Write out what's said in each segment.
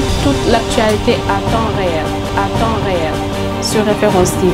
toute, l'actualité à temps réel, à temps réel, sur Référence TV.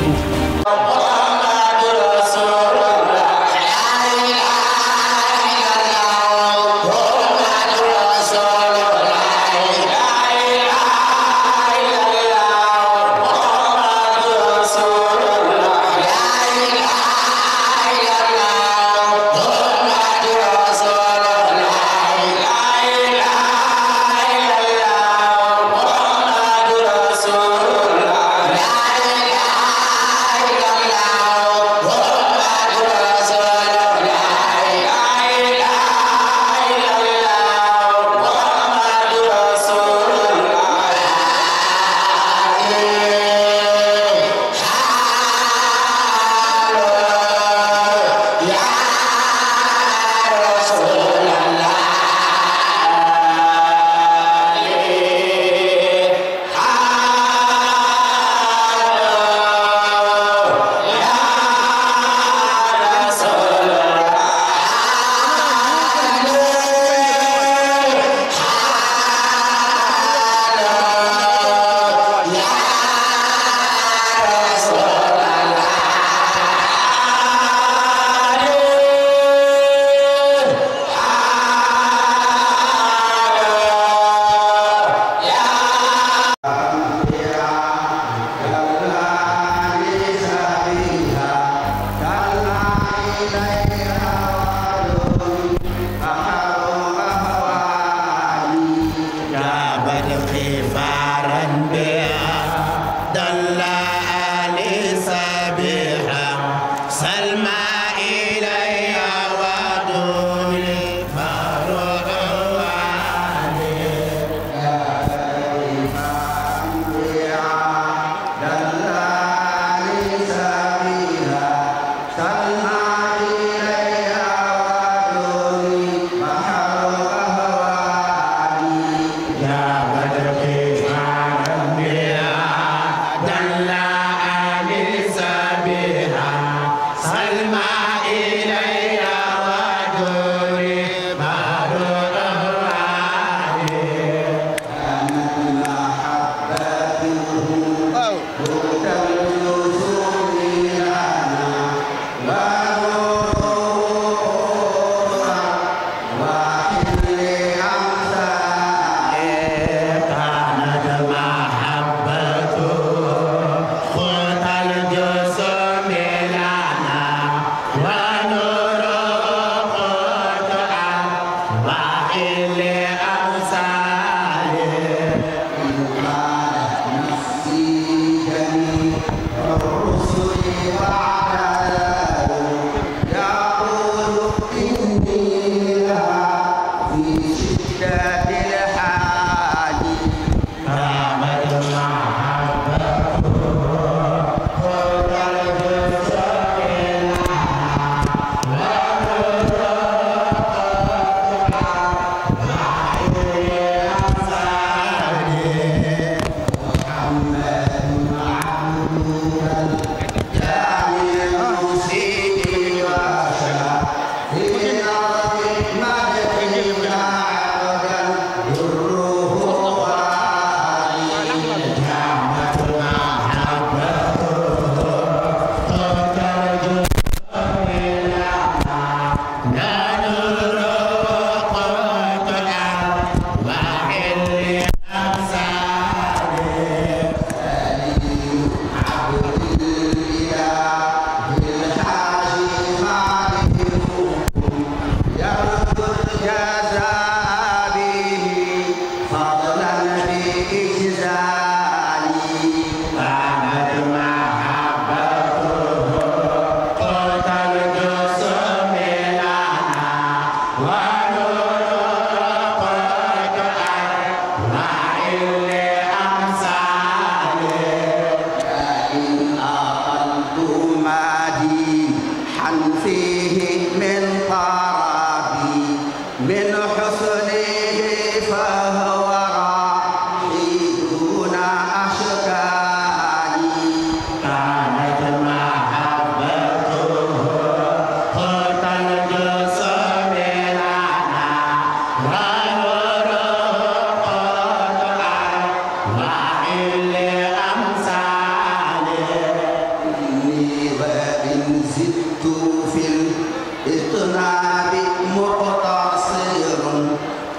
Yeah.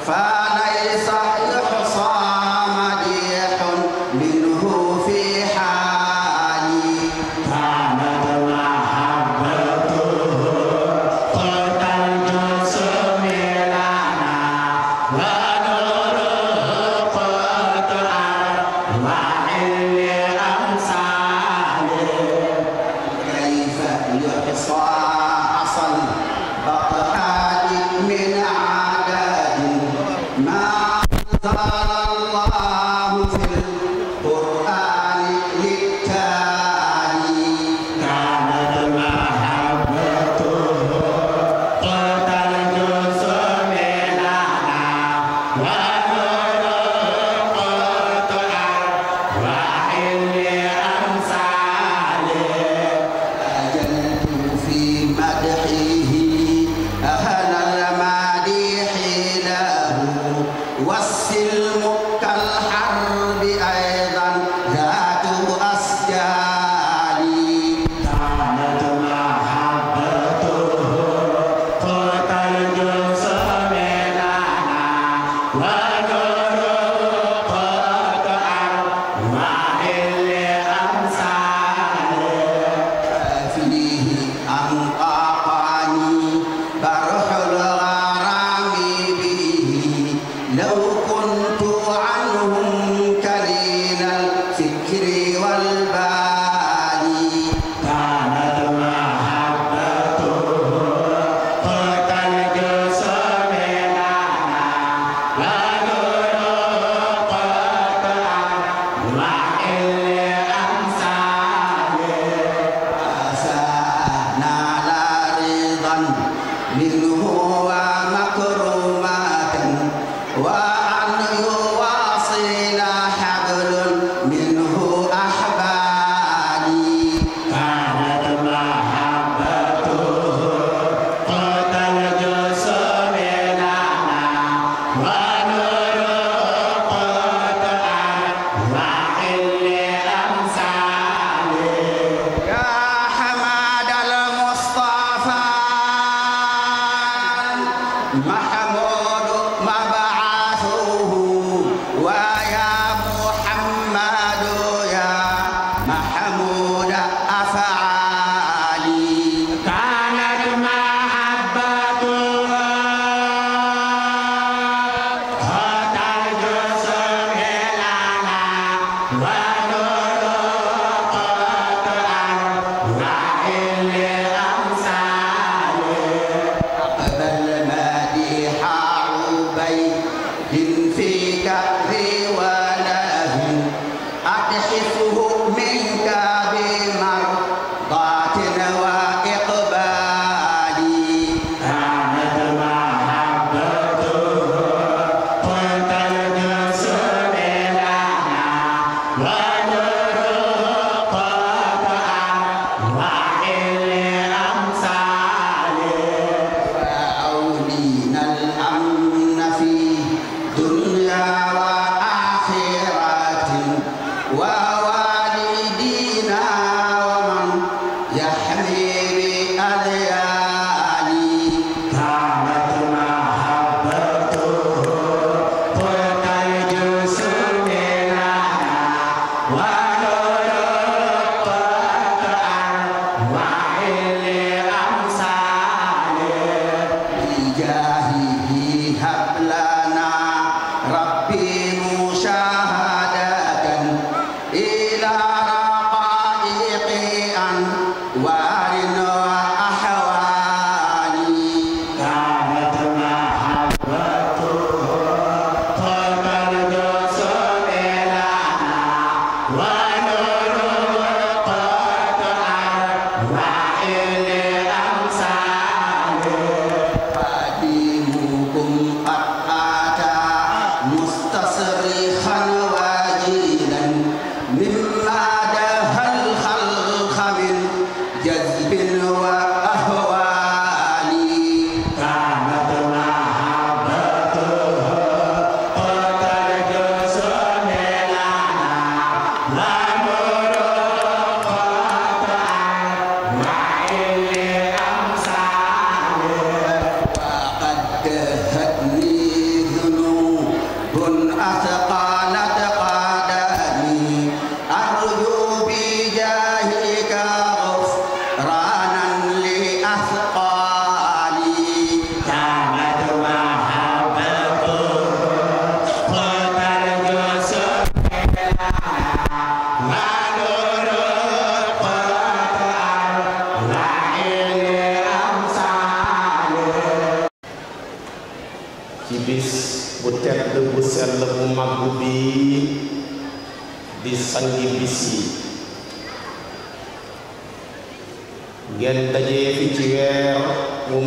Fana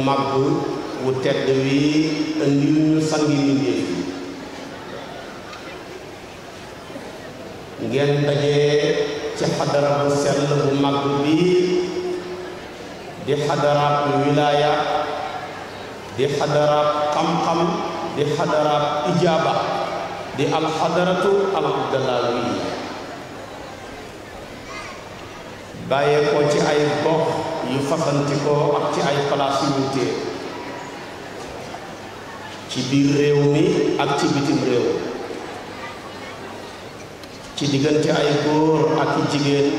Makbul wu tedd wi indil ñu sangi mbindéef yi ngeen dajee ci xadara bu sell bu màgg bi di xadaraat wilaaya di xadaraat xam-xam di xadaraat ijaaba di al ko ci ay yu fasantikoo ak ci ay place yu wuute ci biir réew mi ak ci bitim réew ci diggante ay góor ak jigéen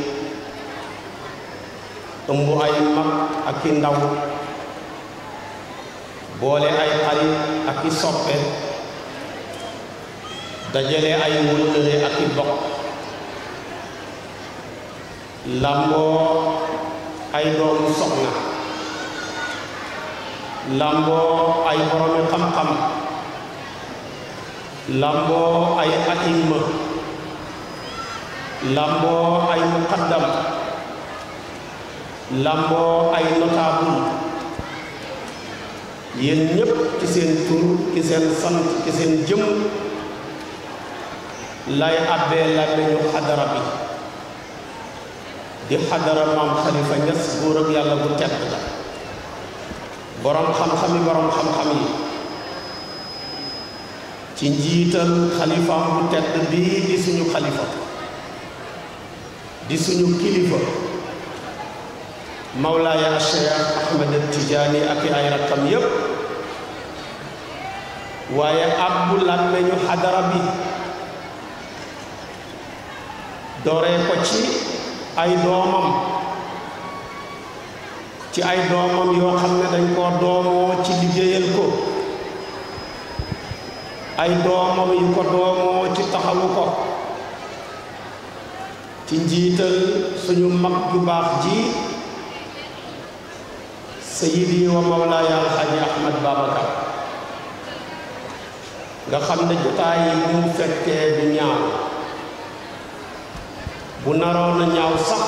ëmb ay mag ak i ndaw boole ay xarit ak i soppe dajale ay wëllëre ak i bokk lamboo ay doomu soxna lamboo ay boromi xam-xam lamboo ay aima lamboo ay muqaddam lamboo ay notable yéen ñépp ci seen tur ci seen sant ci seen jëm lay abbee làmmeñu xadara bi di xadara maam khalifa ñas góoram yàlla bu tedd la borom xam-xam yi borom xam-xam yi ci njiital xalifaam bu tedd bii di suñu xalifa di suñu kilifa mawlaaya cheikh ahmed tijaani ak ay ay doomam ci ay doomam yoo xam ne dañ koo doomoo ci liggéeyal ko ay doomam yu ko doomoo ci taxawu ko ci njiital suñu mag ju baax ji sayidi wa mawlaaya alxaji ahmad babacar nga xam ne jotaay yi mu fekkee bi ñaaw bu naroon a ñaaw sax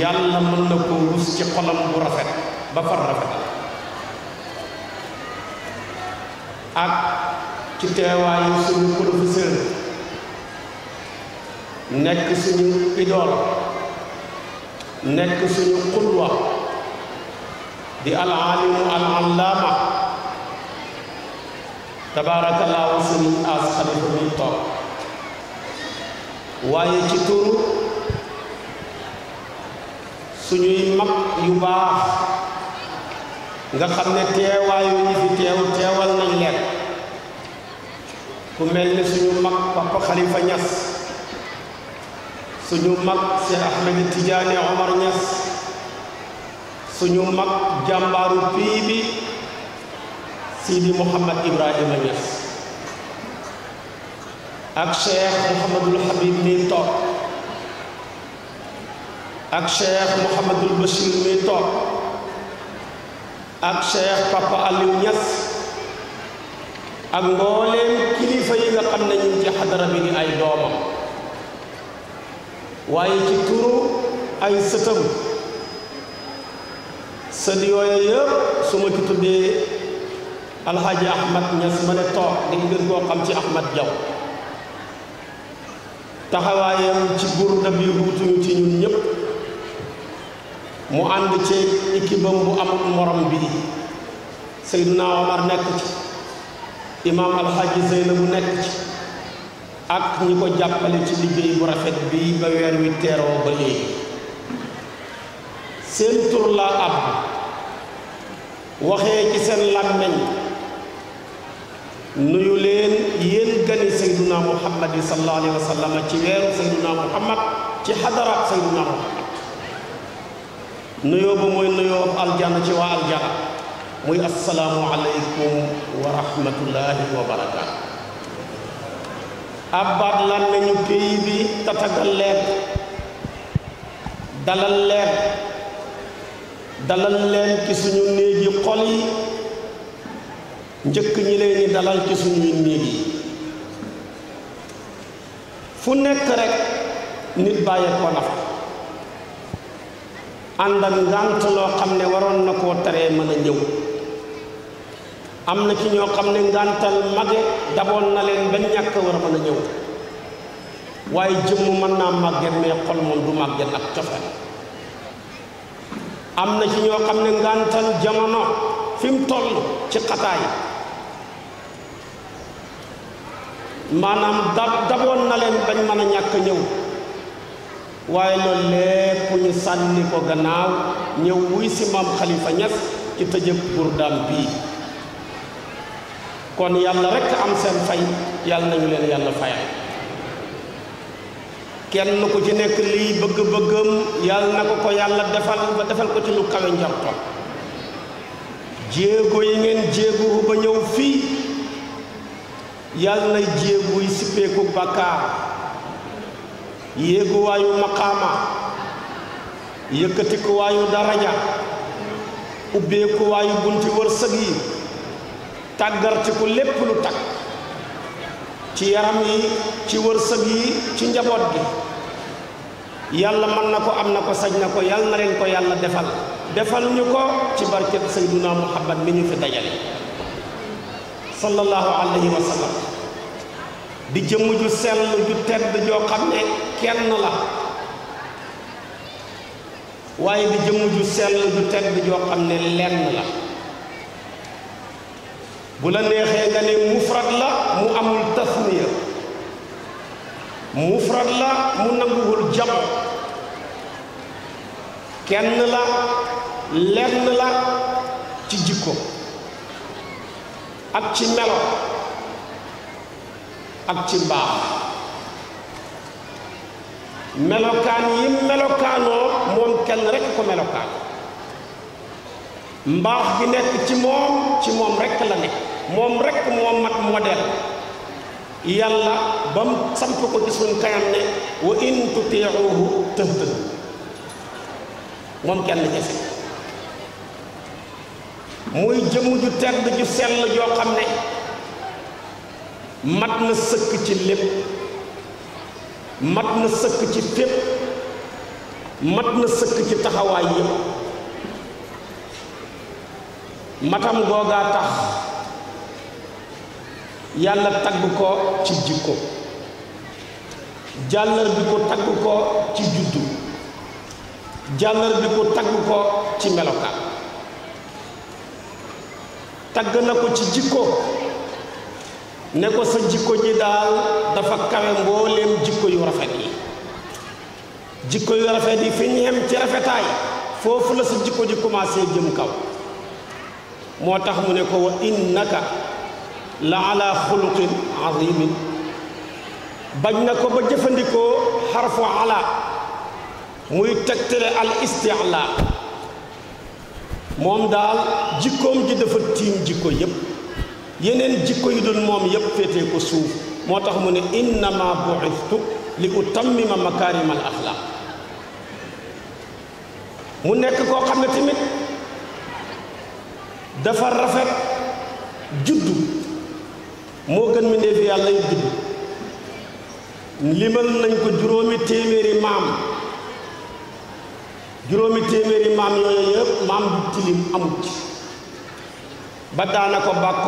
yàlla mën na ko rus ci xolam bu rafet ba far rafet ak ci teewaayu suñu professeur nekk suñu idool nekk suñu xulwa di alaalimu alallaama tabaarakallaahu suñu as xalifa bi toog waaye ci turu suñuy mag yu baax nga xam ne teewaayu ñi fi teew teewal nañ leen ku mel suñu mag papa xalifa ñas suñu mag cheikh ahmed tidiane omar ñas suñu mag jàmbaaru pii bi sidi mouhamad ibrahima ak cheikh Mouhamadul Habib mi toog ak cheikh Mouhamadul Bachir mi toog ak cheikh Papa Aliou Niass ak mbooleem kilifa yi nga xam ne ñu ci xadara bi di ay doomam waaye ci turu ay sëtam sët yooyu yëpp su ma ci tuddee alxaaji ahmad Niass ma ne toog di ngir koo xam ci ahmad Diaw taxawaayam ci burda bi wutuñu ci ñun ñépp mu ànd ci équipe bu amul morom bi Seydina Omar nekk ci imaam alxaaji Zeynabu nekk ci ak ñi ko jàppale ci liggéey bu rafet bi ba weer wi teeroo ba léegi seen tur ab waxee ci seen làmmeñ nuyu leen gane sayduna muhammad sallallahu alayhi wa sallam ci weeru sayduna muhammad ci xadara sayduna muhammad nuyoo bu mooy nuyoo aljana ci waa aljana muy assalaamu alaykum wa rahmatullahi wa barakaatu abbaat lan nañu pays bi tatagal leen dalal leen dalal leen ci suñu néegi xol yi njëkk ñi leen di dalal ci suñuy néeg yi fu nekk rek nit bàyyi ko na ànd ak ngànt loo xam ne waroon na koo teree mën a ñëw am na ci ñoo xam ne ngàntal mage daboon na leen ba ñàkk war a mën a ñëw waaye jëmm mën naa màgget mais xol moom du màgget ak cofeel am na ci ñoo xam ne ngàntal jamono fi mu toll ci xataay maanaam dab daboon na leen bañ mën a ñàkk ñëw waaye loolu lépp ñu sànni ko gannaaw ñëw wuy si maam Khalifa Niass ci tëjëb burdaam bii kon yàlla rekk am seen fay yàlla nañu leen yàlla fayal kenn ko ci nekk lii bëgg-bëggam yàlla na ko ko yàlla defal ba defal ko ci lu kawe njorto jéego yi ngeen jéego ba ñëw fii yàlla nay jéeguy sippeeku bàkkaar yéeguwaayu maqaama yëkkatikuwaayu daraja ubbeekuwaayu bunti wërsëg yi tàggartiku lépp lu takk ci yaram yi ci wërsëg yi ci njaboot gi yàlla mën na ko am na ko sañ na ko yàlla na leen ko yàlla defal defal ñu ko ci barket sayduna muhammad mi ñu fi dajale sallallahu alayhi wa di jëmm ju sell ju tedd joo xam ne kenn la waaye di jëmm ju sell ju tedd joo xam ne lenn la bu la neexee nga ne mufrad la mu amul tasniya mufrad la mu nanguwul jam kenn la lenn la ci jikko ak ci melo ak ci mbaax melokaan yi melokaanoo moom kenn rek ko melokaan mbaax gi nekk ci moom ci moom rek la nekk moom rek moom mat modèle yàlla ba mu samp ko ci suñ ne wa in tutiiuhu tëhtëd moom kenn kese muy jëmm ju tedd ju sell joo xam ne mat na sëkk ci lépp mat na sëkk ci fépp mat na sëkk ci taxawaay yépp matam googaa tax yàlla tagg ko ci jikko jàllar ko tagg ko ci juddu jàllar bi ko tagg ko ci melokaan tagg ko ci jikko ne ko sa jikko ji dal dafa kawe mbolém jikko yu rafet yi jikko yu rafet yi fi ñu ci rafetay fofu la sa jikko ji commencé jëm kaw motax mu ne ko wa innaka la ala khuluqin azim bañ na ko ba jëfëndiko harfu ala muy tektere al isti'la moom daal jikkoom ji dafa tiim jikko yépp yeneen jikko yu dul moom yépp féetee ko suuf moo tax mu ne innama bu'istu li ma makaarimal axlaaq mu nekk koo xam ne tamit dafa rafet juddu moo gën mi ndee fi yàlla yu juddu limal nañ ko juróomi téeméeri maam juróomi téeméeri maam yooyu yëpp maam bu tilim amut ba daana ko maa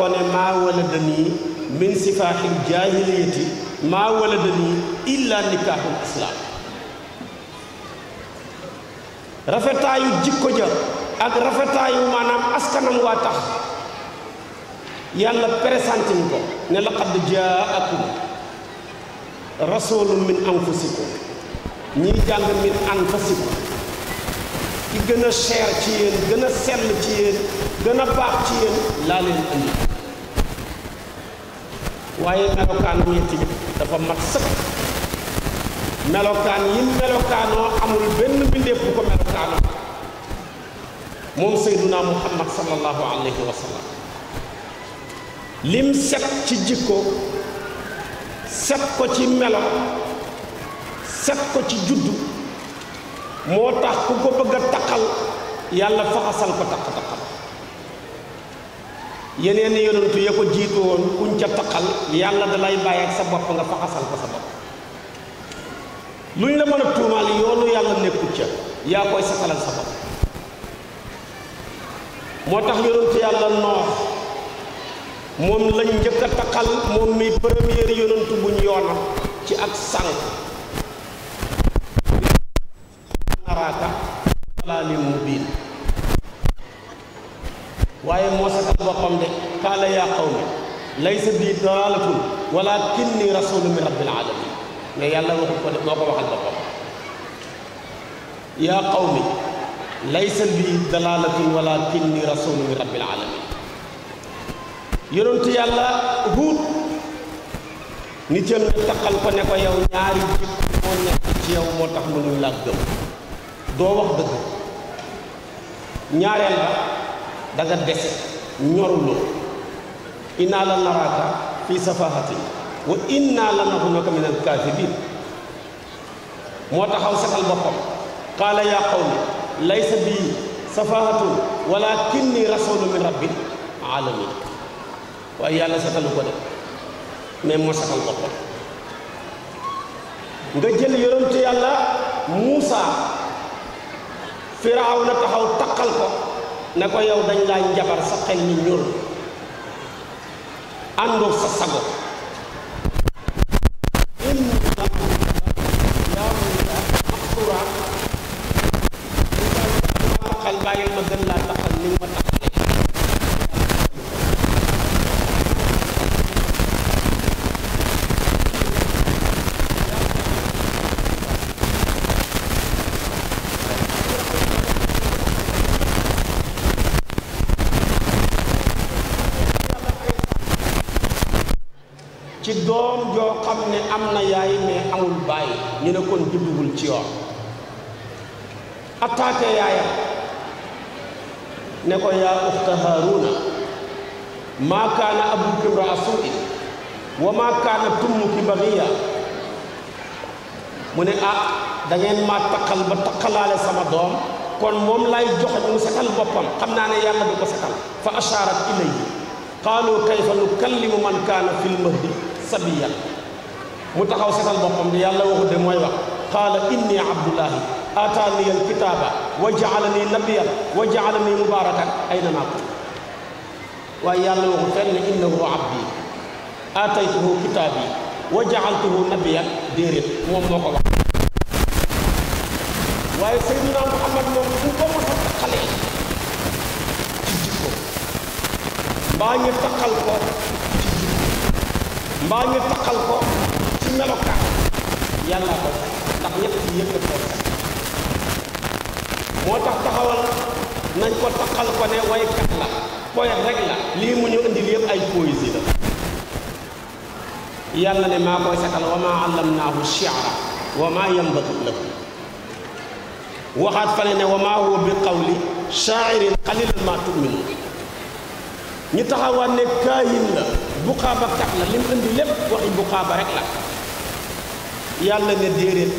wala danii min sifaaxil jaahiliyati maa wala danii illa nikaaxul islaam rafetaayu jikko ja ak rafetaayu maanaam askanam waa tax yàlla présenté ko ne laqad jaakum rasulun min anfusikum ñiy jàng min anfusikum ki gën a cher ci yéen gën a sell ci yéen gën a baax ci yéen laa leen indi waaye melokaanam yi tamit dafa mat sëkk melokaan yi melokaanoo amul benn mbindéef bu ko melokaanoo moom Seydunaa Muhammad sallallahu alayhi wa lim set ci jikko set ko ci melo set ko ci juddu moo tax ku ko bëgg a takkal yàlla faxasal ko takk takkal yeneen yonentu ya ko jiitu woon kuñ ca takkal yàlla dalay bàyyi ak sa bopp nga faxasal ko sa bopp luñ la mën a yoonu yàlla nekku ca yaa koy satalal sa yonentu lañ mi premier yonentu buñ ci ak dalaalin mubiin waaye moo sakkal boppam de qaala yaa qawmi laysa bi dalaalatun walakinni rasulu min rabbil alamin mais yàlla waxul ko de moo ko waxal boppam yaa qawmi laysa bi dalaalatun walakinni rasulu min rabbil alamin yonent yàlla huut ni jël na takkal ko ne ko yow ñaari jikko moo nekk ci yow moo tax mënuñ laa gëm doo wax dëgg ñaarel ba da nga des ñoruloo innaa la naraaka fii safahatin wa inna la naxunaka min al-kafirin mo taxaw setal bopam qala ya qawmi laysa bi safahatu walakinni rasulun min rabbil alamin waaye yàlla setalu ko de mais mo setal bopam nga jël yoronte yàlla Muusa firaaw na taxaw taqal ko ne ko yow dañ laa njabar sa xel mi ñuul àndoog sa sago ñu ne kon judduwul ci yoon attaqué yaayam ne ko yaa uxta haaruna maa kaana abuki imraa suu'in wa maa kaana tummuki bagiya mu ne ah da ngeen maa takkal ba takkalaale sama doom kon moom lay joxe mu sakal boppam xam naa ne yàlla du ko sakal fa asharat ilayhi qaalu kayfa nukallimu man kaana fi lmahdi sabiyan متخاو سيتال بوبام دي يالا واخو دي موي واخ قال اني عبد الله اتاني الكتاب وجعلني نبيا وجعلني مباركا اينما كنت واي يالا واخو فن انه عبدي اتيته كتابي وجعلته نبيا ديريت موم نوكو واخ واي سيدنا محمد موم بو بو سا خالي با ني تخال كو با ني تخال كو melokaan yàlla ko moo tax taxawal nañ ko taxal ko ne waykat la poète rek la lii mu ñu indil yëpp ay poésie la yàlla ne maa koy setal wa maa allamnaahu shi'ra wa maa waxaat fale ne wa maa huwa bi qawli shaa'irin qaliilan maa tu'minuun ñu taxawaat ne kaayin la buqaaba kat la lim indi lépp waxi buqaaba rek la يالا نديرين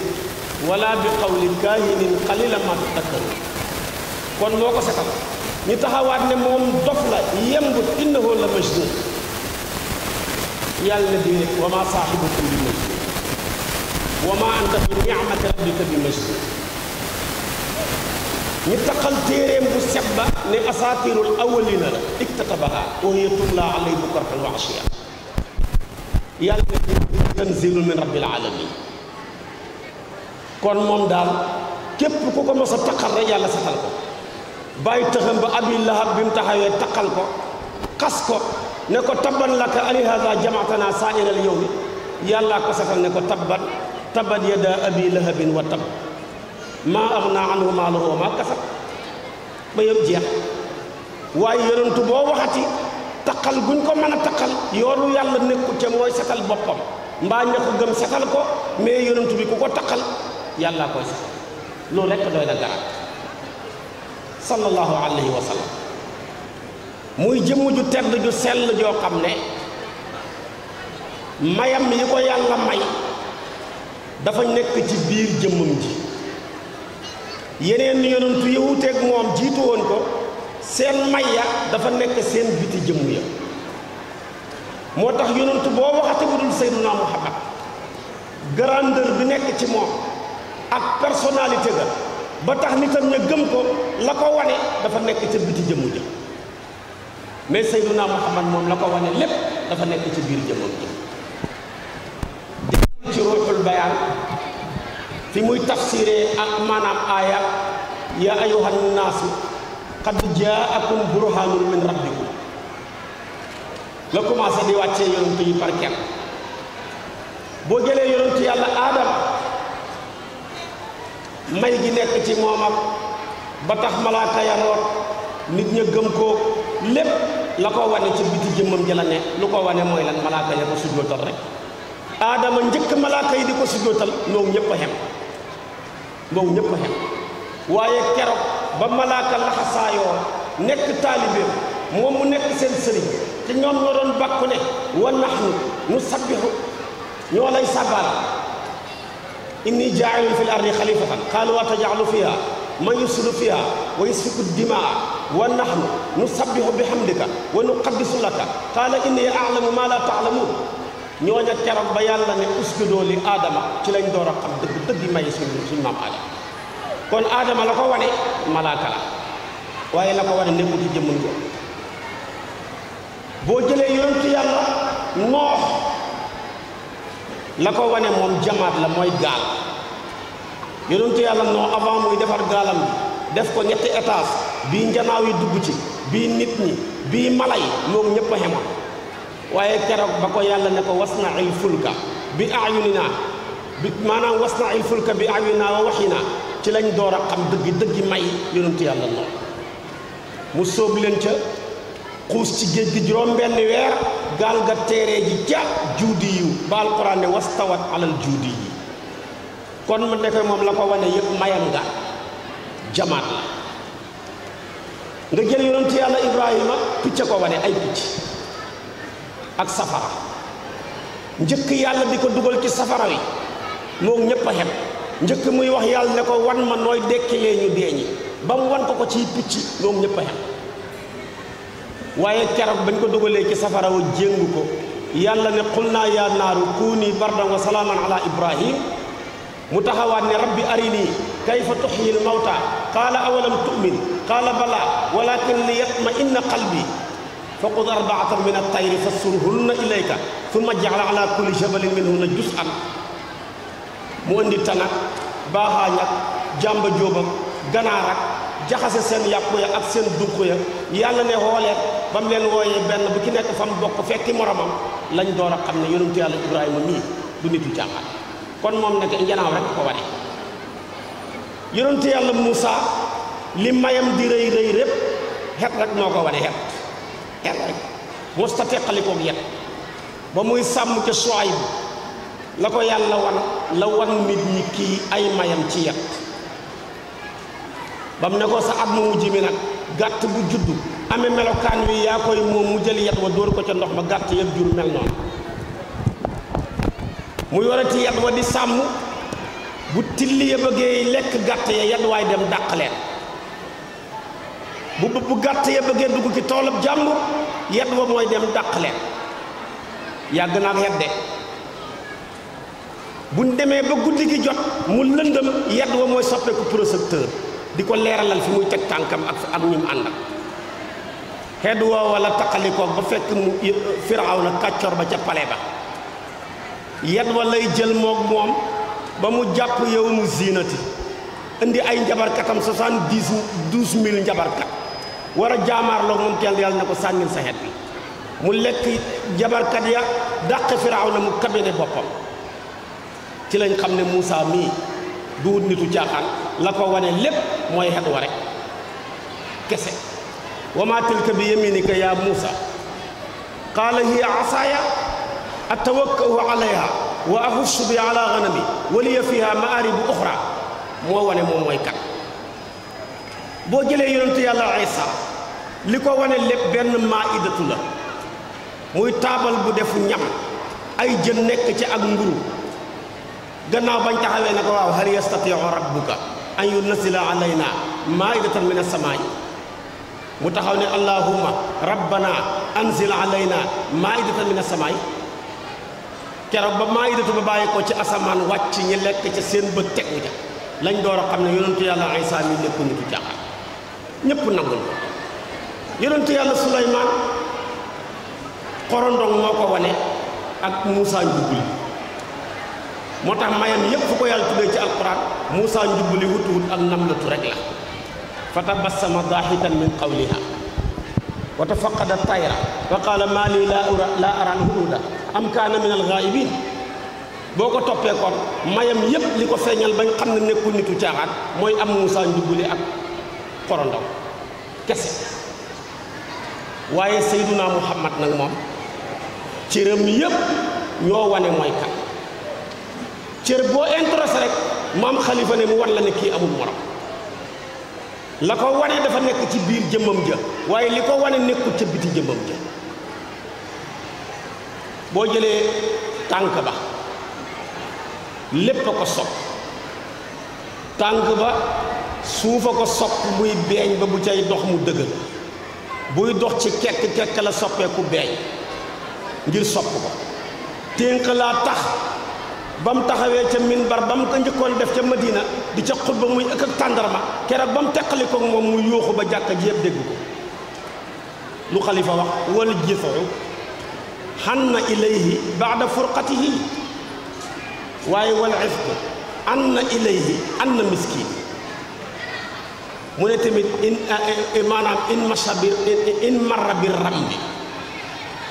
ولا بقول كاهن قليلا ما تتكلم كون موكو سكال ني تخاوات ني موم دوفلا يمبو انه لمجنون يالا نديرين وما صاحبكم بمجنون وما انت في نعمه ربك بمجنون نتقل تيرم بسبب لأساطير الأولين اكتتبها وهي تملى عليه بكرة وعشية يا الذي تنزل من رب العالمين kon moom daal képp ku ko mos a taqal rek yàlla saxal ko bàyyi taxam ba abi lahab bi mu taxawee taqal ko xas ko ne ko tabban laka alihada jamaatana saairal yawmi yàllaa ko saxal ne ko tabban tabbat yada abi lahabin wa tab maa aghnaa anhu maaluhu wa maa kasab ba jeex waaye yonentu boo waxati taqal guñ ko mën a taqal yoonu yàlla nekku ca mooy setal boppam mbaa ña ko gëm setal ko mais yonentu bi ku ko taqal yàllaa koy sax loolu rekk doy na garab sallallahu alayhi wa sallam muy jëmm ju tedd ju sell joo xam ne mayam yi ko yàlla may dafa nekk ci biir jëmmam ji yeneen yonentu yi wuuteeg moom jiitu woon ko seen may ya dafa nekk seen biti jëmm ya moo tax yonentu boo waxate bu dul sayyiduna Muhammad grandeur bi nekk ci moom ak personnalité ga ba tax nitam ña gëm ko la ko wane dafa nekk ca biti jëmu ja mais Seydina Muhammad moom la ko wane lépp dafa nekk ci biir jëmmam ja ci ruuxul bayaan fi muy tafsiree ak maanaam aaya ya ayuhan naasu qad jaakum burhanun min rabbikum la commencé di wàccee yonent yi par kenn boo jëlee yonent yàlla aadam may gi nekk ci moom ak ba tax malaaka ya root nit ña gëm koo lépp la ko wane ci biti jëmmam ji lu ko wane mooy lan malaaka ya ko sujjootal rek aadama njëkk malaaka yi di ko sujjootal moom ñëpp a xem moom ñëpp a waaye keroog ba malaaka laxasaayoo nekk taalibeem moom mu nekk seen sëriñ te ñoom ñoo doon bàkku ne wa nahnu nu sabbihu ñoo lay sabbal إني جاعل في الأرض خليفة قال وتجعل فيها ما يسل فيها ويسفك الدماء ونحن نسبح بحمدك ونقدس لك قال إني أعلم ما لا تعلمون نيوانا كرب بيان لن أسجدوا لآدم تلين دورا قد قد قد ما يسجدوا في المام آدم كون آدم لقواني ملاكا وإن لقواني نبوك جمونجو بوجل يونتي الله نوح la ko wane moom jamaat la mooy gaal yonentu yàlla noo avant muy defar gaalam def ko ñetti étage bii njanaaw dugg ci bii nit ñi bii mala yi moom ñëpp a xemoon waaye keroog ba ko yàlla ne ko wasna'il fulka bi ayunina bi maanaam wasna'il fulka bi naa wa waxina ci lañ door a xam dëgg dëgg may yonentu yàlla noo mu sóob ca xuus ci géej gi juróom benn weer gaal ga teeree ji ca juudi yu ba alquran ne wastawat alal juudi yi kon mu nekk moom la ko wane yëpp mayam nga jamaat la nga jël yonent yàlla ibrahima picc ko wane ay picc ak safara njëkk yàlla di ko dugal ci safara wi moom ñépp a xem njëkk muy wax yàlla ne ko wan ma nooy dekkilee ñu dee ñi ba mu wan ko ko ciy picc moom ñépp a xem waaye keroog bañ ko dugalee ci safara wa jéngu ko yàlla ne xul naa yaa naaru bardan wa salaaman ala ibrahim mutahawan taxawaat rabbi arini kayfa tuxyil mawta qaala awalam tu'min qaala bala walakin li yatma inna qalbi فقد أربعة من الطير فصرهن إليك ثم اجعل على كل جبل منهن جزءا mu indi tanak baaxaañ ak jàmba jóobam ganaar ak jaxase seen yàpp ya ak seen dugg ya yàlla ne xooleet ba mu leen wooyee benn bi ci nekk fa mu bokk fekki moromam lañ door a xam ne yonentu yàlla ibrahima mii du nitu caaxaan kon moom nekk njanaaw rek ko waree yonentu yàlla Moussa li mayam di rëy rëy répp xet rek moo ko wane xet xet rek mosta teqali yet ba muy sàmm ca Suwayb bi la ko yàlla wan la wan nit ñi kii ay mayam ci yet ba mu ne sa at mu mujj mi nag gàtt bu juddu amee melokaan wi yaa koy moom mu jël yat wa dóor ko ca ndox ma gàtt yëpp jur mel noonu mu yorati yat wa di sàmm bu tilli ya bëggee lekk gàtt ya yat waay dem dàq leen bu bu gàtt ya bëggee dugg ci toolab jàmbur yat wa mooy dem dàq leen yàgg naa ak bu de demee ba guddi gi jot mu lëndëm yat wa mooy soppeeku projecteur di ko leeralal fi muy teg tànkam ak ak ñim àndal wa woo wala taqalikoo ba fekk mu na kàccoor ba ca pale ba yet wa lay jël moog moom ba mu jàpp yow mu ziinati indi ay njabarkatam soixante-dix douze mil njabarkat war a jaamaarloog moom teel yàlla ne ko sànnil sa xeet mu lekk jabarkat ya dàq firaaw na mu kabine boppam ci lañ xam ne Moussa mii du u caaxaan la ko wane lépp mooy xet wa rek kese wa ma tilka bi yaminika ya muusa qaala hiya asaaya atawakkau alayha wa ahushu bi ala ganami wa liya fiha maaribu uxra moo wane moom mooy kan boo jëlee yonentu yàlla isa li ko wane lépp benn maidatu la muy taabal bu defu ñam ay jën nekk ci ak mburu gannaaw bañ taxawee ne ko waaw hal yastatiu rabbuka an yunzila alayna maa'idatan min as-samaa'i mu taxaw ne allahumma rabbana anzil alayna maa'idatan min as-samaa'i keroog ba maa'idatu ba bàyyi ko ci asamaan wàcc ñi lekk ca seen bët tegu ja lañ door a xam ne yonentu yàlla Isaa mi nekku nitu caaxaan ñépp nangul ko yonentu yàlla Suleymaan xorondong moo ko wane ak Muusaa njubuli moo tax mayam yépp fu ko yàlla tuddee ci alquran Moussa njubbuli wutuwut ak namlatu rek la fa tabassama daaxikan min qawliha wa tafaqada tayra wa qaala maa lii laa ura laa aran hududa am kaana min alxaayibin boo ko toppee kon mayam yépp li ko feeñal bañ xam ne nekkul nitu caaxaan mooy am Moussa njubbuli ak xorondaw kese waaye Seyduna Muhammad nag moom cëram yépp ñoo wane mooy cër boo intéressé rek maam xalifa ne mu war la ne kii amul morom la ko wane dafa nekk ci biir jëmmam ja waaye li ko wane nekkul ca biti jëmmam ja boo jëlee tànk ba lépp a ko sopp tànk ba suufa ko sopp muy beeñ ba bu cay dox mu dëgër buy dox ci kekk kekk la soppeeku beeñ ngir sopp ko ténk laa tax bam taxawé ci minbar bam ko njëkkoon def ci medina di ci xutba muy ëkk ak tàndarma kérok bam mu ko mom muy yoxu ba jakk ji yëpp dégg ko lu khalifa wax wal jisru hanna ilayhi ba'da furqatihi way wal ifq anna ilayhi anna miskin mune tamit in maanaam in masabir in marra bir rambi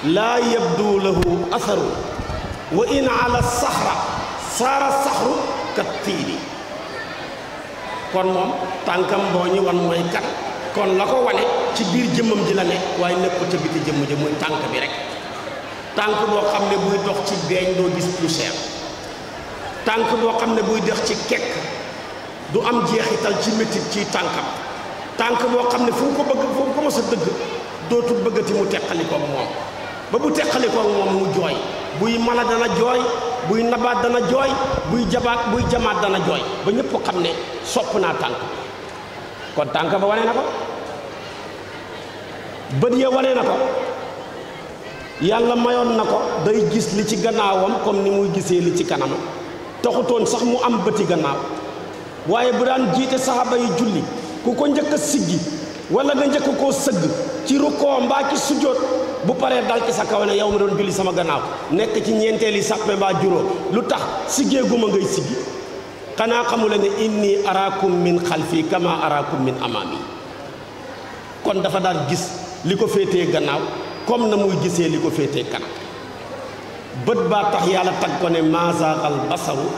la yabdu lahu atharu وإن على ala Sara saxru kat kon mom tànkam boo ñu wan mooy kat kon la wanek wane ci biir jëmmam ji la ne waaye nekkul ca biti jëmm ji muy tànk bi rek tànk boo xam ne buy dox ci gis plus cher buy dox ci du am jeexital ci métit ci tànkam tànk boo xam ne fu ko bëgg fu ko mos a dëgg dootul bëggati mu teqali koog ba bu teqali mu buy mala dana joy, buy nabat dana joy, buy jabat buy jamaat dana joy. ba ñëpp xam ne sopp naa tànk kon tànk ba wane na ko bët ya wane na ko yàlla mayoon na ko day gis li ci gannaawam comme ni muy gisee li ci kanam taxutoon sax mu am bëti gannaaw waaye bu daan jiite saxaba yi julli ku ko njëkk siggi wala nga njëkk koo sëgg ci ci bu paree dal ci sa kaw ne yow mi doon julli sama gannaaw nekk ci ñeenteeli sàppe baa juróom lu tax siggeeguma ngay siggi xanaa xamu la ne inni araakum min fii kama araakum min amaami kon dafa daan gis li ko féetee gannaaw comme na muy gisee li ko féete kanam bët baa tax yàlla tag ko ne maa basaru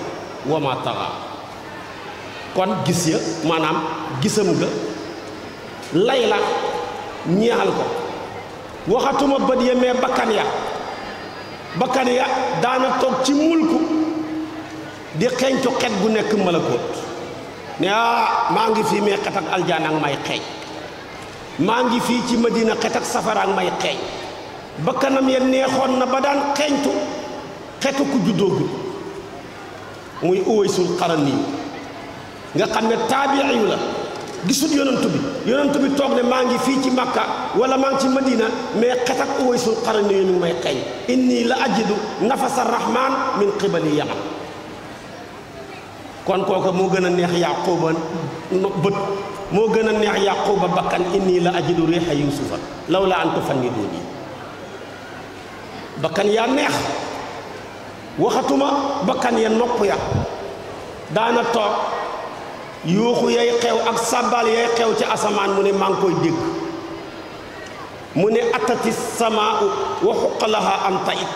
wa maa taxaa kon gis ya maanaam gisam nga lay la ñeexal ko waxatuma bët ya mais bakkan ya bakkan ya daana toog ci mulku di xeeñtu xet gu nekk malakoot ne ah maa ngi fii mais xet ak aljaan may xeeñ maa ngi fii ci madina xet ak safara ak may xeeñ bakkanam ya neexoon na ba daan xeeñtu xetu ku juddoogul muy uwaysul xarani nga xam ne taabiiyu la gisul yonentou bi yonentou bi tok ne mangi fi ci makka wala maa ci medina mais khatak ak uwaysul qaran ne yéen may xëy inni la ajidu nafas arrahman min qibali yaman kon koko mo gën neex yaquba bët moo gën a neex yaquba bakkan inni la ajidu riixa yusuf lawla an tufanniduuni bakkan ya neex waxatuma bakkan ya nopp ya dana tok yuuxu yay xew ak sàbbaal yay xew ci asamaan mu ne maa ngi dégg mu ne atati sama wa xuqalaha an tait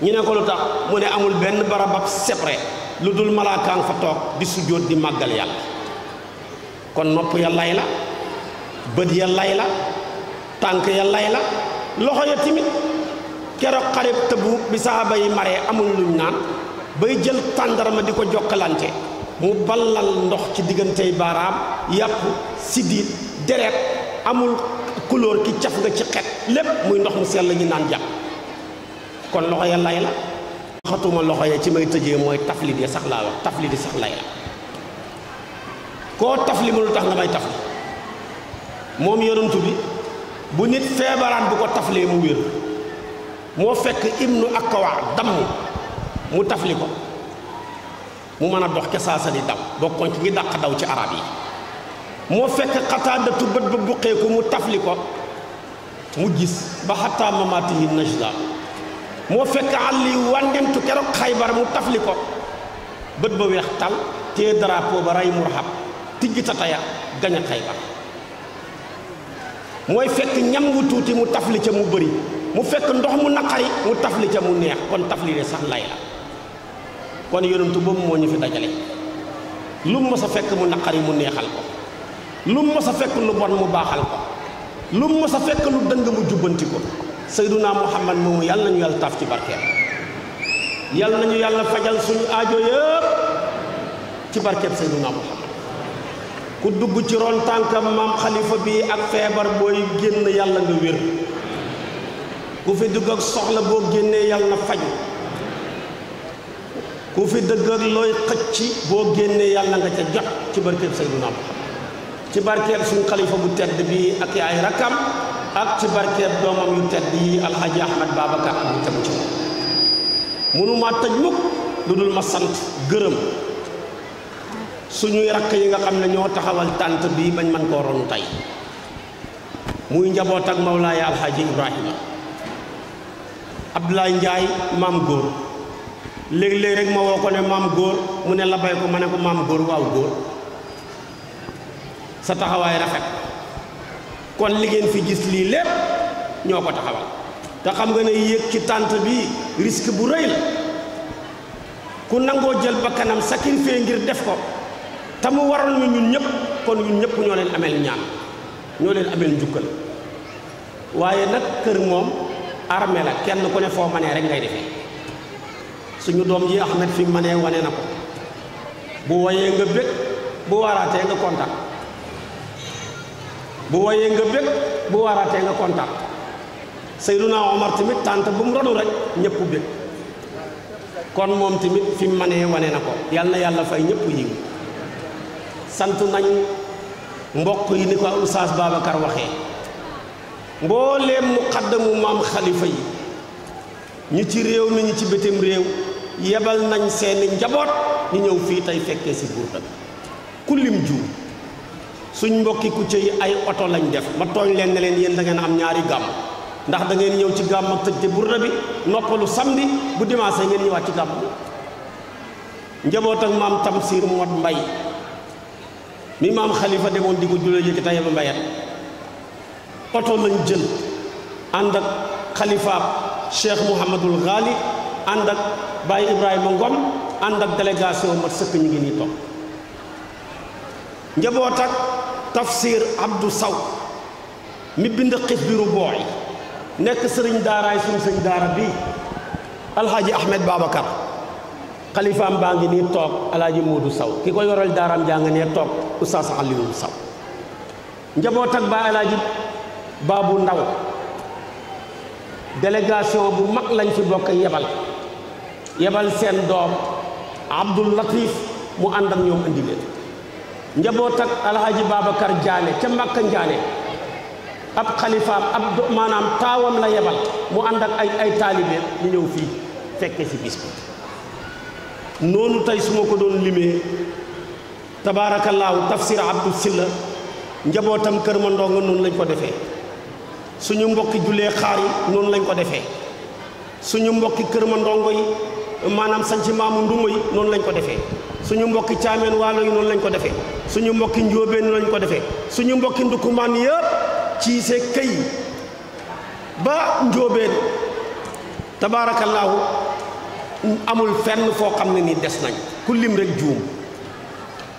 ñu ne ko lu tax mu ne amul benn barabab sepre lu dul malaakaan fa toog di sujjóot di màggal yàlla kon nopp ya lay la bët ya lay la tànk ya lay la loxo ya timit keroog xarib tëbu bi saaba yi maree amul luñ naan bay jël tàndarma di ko jokkalante mu ballal ndox ci diggantey baaraam yàpp siddiit deret amul couleur ki caf nga ci xet lépp muy ndox mu sell lañuy naan jàpp kon loxo ya lay la waxatuma loxo ya ci may tëjee mooy taflit ya sax laa lay la koo tafli ma lu tax nga may tafli moom yonantu bi bu nit feebaraan bu ko taflee mu wér moo fekk ibnu akawa damm mu tafli ko mu mën a dox ca saasa di daw bokkoon ci ñi dàq daw ci arab yi moo fekk xataadatu bët ba buqee ko mu tafli ko mu gis ba xataa mamaatihi najda moo fekk àll yi wàndentu keroog xaybar mu tafli ko bët ba weex tal tee drapeau ba rey murhab tijji tataya gañ a xaybar mooy fekk ñam wu tuuti mu tafli ca mu bëri mu fekk ndox mu naqari mu tafli ca mu neex kon tafli ne sax lay la kon yonentu boobu moo ñu fi dajale lu mu mës a fekk mu naqari mu neexal ko lu mu mës a fekk lu bon mu baaxal ko lu mu mës fekk lu dëng mu jubbanti ko sayduna muhammad moomu yàlla nañu yàlla taaf ci barkeem yàlla nañu yàlla fajal suñu aajo yëpp ci barkeem sayduna muhammad ku dugg ci ron tànkam maam xalifa bi ak feebar booy génn yàlla nga wér ku fi dugg ak soxla boo génnee yàlla faj ku fi dëgg ak looy xëcc boo génnee yàlla nga ca jot ci barkeeb Seydina Muhammad ci barkeeb suñu xalifa bu tedd bi ak ay rakam ak ci barkeeb doomam yu tedd yi alxaji ahmad babacar bu tegu ci mënuma tëj mukk lu dul ma sant gërëm suñuy rakk yi nga xam ne ñoo taxawal tànt bi bañ man koo ronu tey muy njaboot ak mawlaaya alxaji ibrahima abdoulaye njaay maam góor léeg-léeg rek ma woo ko ne maam góor mu ne la bay ko ma ko maam góor waaw góor sa taxawaay rafet kon li ngeen fi gis lii lépp ñoo taxawal te xam nga ne yéeg ci tànt bi risque bu rëy la ku nangoo jël bakkanam sacrifier ngir def ko te mu waral ñu ñun ñëpp kon ñun ñëpp ñoo leen ameel ñaan ñoo leen kër la kenn ku ne fo manee rek ngay suñu doom ji Ahmed fi mu mënee wane na ko bu woyee nga bég bu waraatee nga kontaan bu woyee nga bég bu waraatee nga kontaan Seyduna Omar tamit tànt bu mu ronu rek ñëpp bég kon moom tamit fi mu mënee wane na ko yàlla yàlla fay ñëpp yiw sant nañ mbokk yi ni ko Oustaz Babacar waxee mbooleem muqaddamu maam xalifa yi ñu ci réew mi ñi ci bitim réew yebal nañ seeni njaboot ñu ñëw fii tey fekkee si burta bi ku lim juum suñ mbokki ku ci ay oto lañ def ma tooñ leen ne leen yéen da ngeen am ñaari gàmm ndax da ngeen ñëw ci gàmm ak tëj te burda bi noppalu samedi bu dimanche ngeen ñëwaat ci gàmm bi njaboot ak maam tamsir mot mbay mi maam xalifa demoon di ko jula yëkki ba mbayat oto lañ jël ànd ak xalifaab cheikh mouhamadul ghali Andak ak Baye Ibrahima Ngom ànd ak délégation mat sëkk ñu ngi nii toog njaboot ak tafsir Abdou Saw mi bind xif biru booy nekk sëriñ daaraay suñu sëñ bi alhaaji Ahmed Babacar xalifaam baa ngi nii toog alhaaji Moodu Saw ki ko yoral daaraam jaa nga nee ya toog Oustaz Aliou Saw njaboot ak Baye alhaaji Baabu Ndaw délégation bu mag lañ fi bokk yebal yebal seen doom Abdul Latif mu ànd ak ñoom indi leen njaboot ak alhaji Babacar ab xalifaam ab maanaam taawam la yebal mu ànd ak ay ay taalibe ñu ñëw fii fekke si bis noonu tey suma ko doon limee tabaarakallaahu tafsir Abdou Silla njabootam kër ndongo noonu lañ ko defee suñu mbokki jullee xaar noonu lañ ko defee suñu mbokki kër maanaam sanc maamu nduma noonu lañ ko defee suñu mbokki caameen waalo yi noonu lañ ko defee suñu mbokki njóobeen lañ ko defee suñu mbokki ndukumaan yëpp ci se këy ba njóobeen tabaarakallaahu amul fenn foo xam ne nii des nañ ku lim rek juum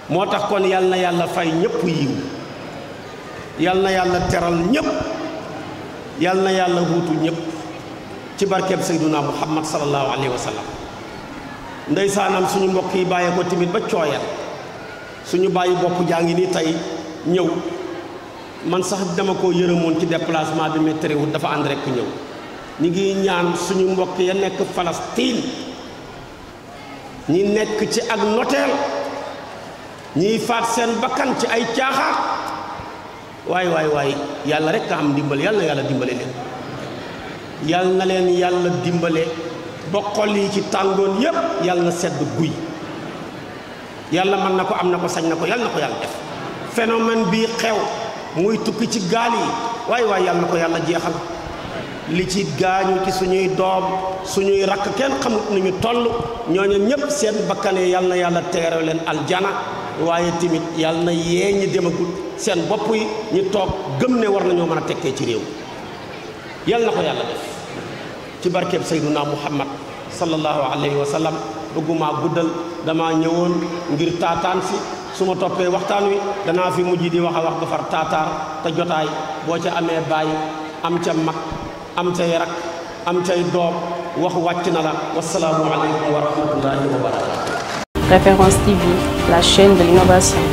moo tax kon yal na yàlla fay ñépp yiw yal na yàlla teral ñépp yal na yàlla wuutu ñépp ci barkeeb sayduna muhammad sallallahu alayhi wa sallam ndeysaanam suñu mbokk yi baye ko timit ba cooyal suñu bàyyi bopp jaa ngi ni tey ñëw man sax dama ko yërëmoon ci déplacement bi mais terewut dafa ànd rek ñëw ñi ngi ñaan suñu mbokk ya nekk Palestine ñi nekk ci ak faat bakkan ci ay caaxaar way way way yàlla rek ka am dimbal yàlla na yàlla dimbale leen na ba xol yi ci tàngoon yépp yàlla sedd guy yàlla mën na ko am na ko sañ na ko yàlla na ko yàlla def phénomène bii xew muy tukki ci gaal yi waaye waaye yàlla na ko yàlla jeexal li ci gaañu ci suñuy doom suñuy rakk kenn xamut nañu toll ñooñu ñépp seen bakkane yàlla na yàlla teerew leen aljana waaye tamit yàlla na yee ñi demagul seen bopp yi ñu toog gëm ne war nañoo mën a tekkee ci réew yàlla na ko yàlla def ci barkeeb sayduna muhammad sallallahu alayhi wa sallam bëgguma guddal dama ñëwoon ngir taataan si su ma toppee waxtaan wi danaa fi mujj di wax a wax ba far taataar te jotaay boo ca amee baay am ca mag am cay rak am cay doom wax wàcc na la wasalaamu aleykum wa rahmatullahi wa barakatu Référence TV, la chaîne de l'innovation.